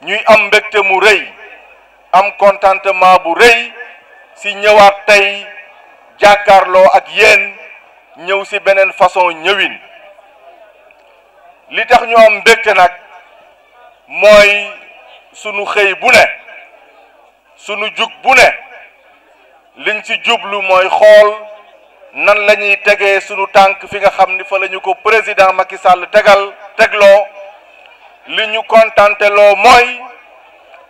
ñuy am mbégte mu rëy am contentement bu rëy si ñëwaat tey jàkkaarloo ak yéen ñëw si beneen façon ñëwin li tax ñu am mbégte nag mooy sunu xëy bu ne sunu jug bu ne liñ ci jublu mooy xool nan lañuy ñuy tegee sunu tànk fi nga xam ni fa la ñu ko président Macky Sall tegal tegloo li ñu kontante loo mooy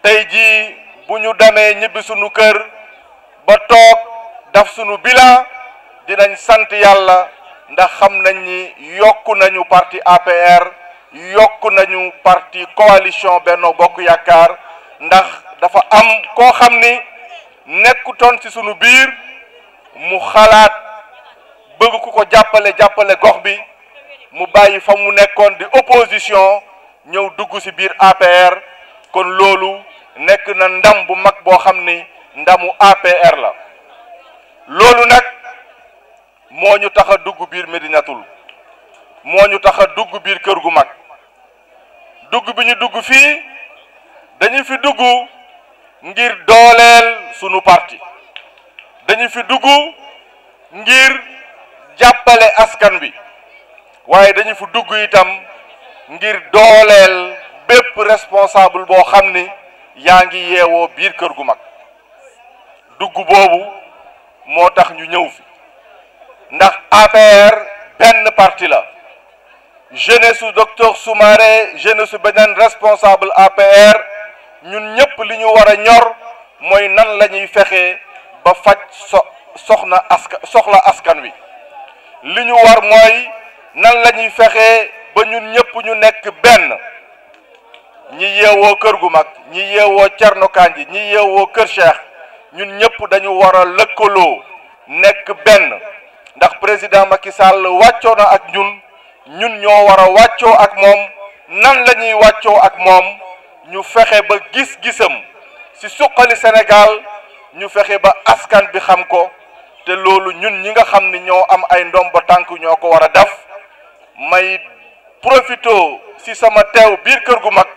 tey jii bu ñu demee ñibbi sunu kër ba toog daf sunu bilan dinañ sant yàlla ndax xam nañ ni yokku nañu parti APR yokk nañu parti coalition Benno Bokk Yaakaar ndax dafa am koo xam ni nekkutoon ci sunu biir mu xalaat bëgg ku ko jàppale jàppale gox bi mu bàyyi fa mu nekkoon di opposition ñëw dugg ci biir APR kon loolu nekk na ndam bu mag boo xam ni ndamu APR la loolu nag moo ñu tax dugg biir Médinatoul moo ñu tax a dugg biir kër gu mag dugg bi ñu dugg fii dañu fi dugg ngir dooleel sunu parti dañu fi dugg ngir jàppale askan bi waaye dañu fi dugg itam ngir dooleel bépp responsable boo xam ni yaa ngi yeewoo biir kër gu mag dugg boobu moo tax ñu ñëw fi ndax APR benn parti la jeunesse su docteur Soumaré jeunesse su beneen responsable APR ñun ñëpp li ñu war a ñor mooy nan la ñuy fexe ba faj so askan soxla askan wi li ñu war mooy nan la fexe ba ñun ñëpp ñu nekk benn ñi yeewoo kër gu mag ñi yeewoo Cerno Kanji ñi yeewoo kër Cheikh ñun ñëpp dañu war a lëkkaloo nekk benn ndax président Macky Sall wàccoo na ak ñun ñun ñoo war a wàccoo ak moom nan la ñuy wàccoo ak moom ñu fexe ba gis-gisam ci suqali Sénégal ñu fexe ba askan bi xam ko te loolu ñun ñi nga xam ni ñoo am ay ndomba tànk ñoo ko war a def may profito ci sama teew biir kër gu mag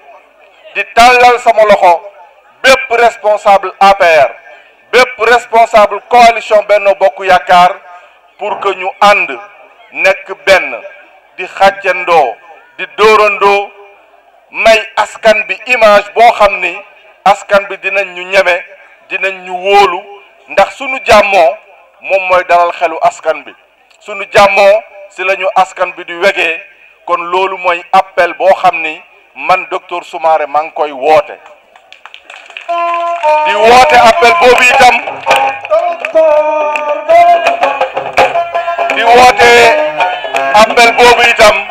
di tàllal sama loxo bépp responsable APR bépp responsable coalition Benno Bokk Yaakaar pour que ñu ànd nekk benn di xàccandoo di dóorandoo may askan bi image boo xam ni askan bi dinañ ñu ñeme dinañ ñu wóolu ndax sunu jàmmoo moom mooy dalal xelu askan bi sunu jàmmoo ci lañu askan bi di wegee kon loolu mooy appel boo xam ni man docteur Soumaré maa ngi koy woote di woote appel boobu itam di woote appel boobu itam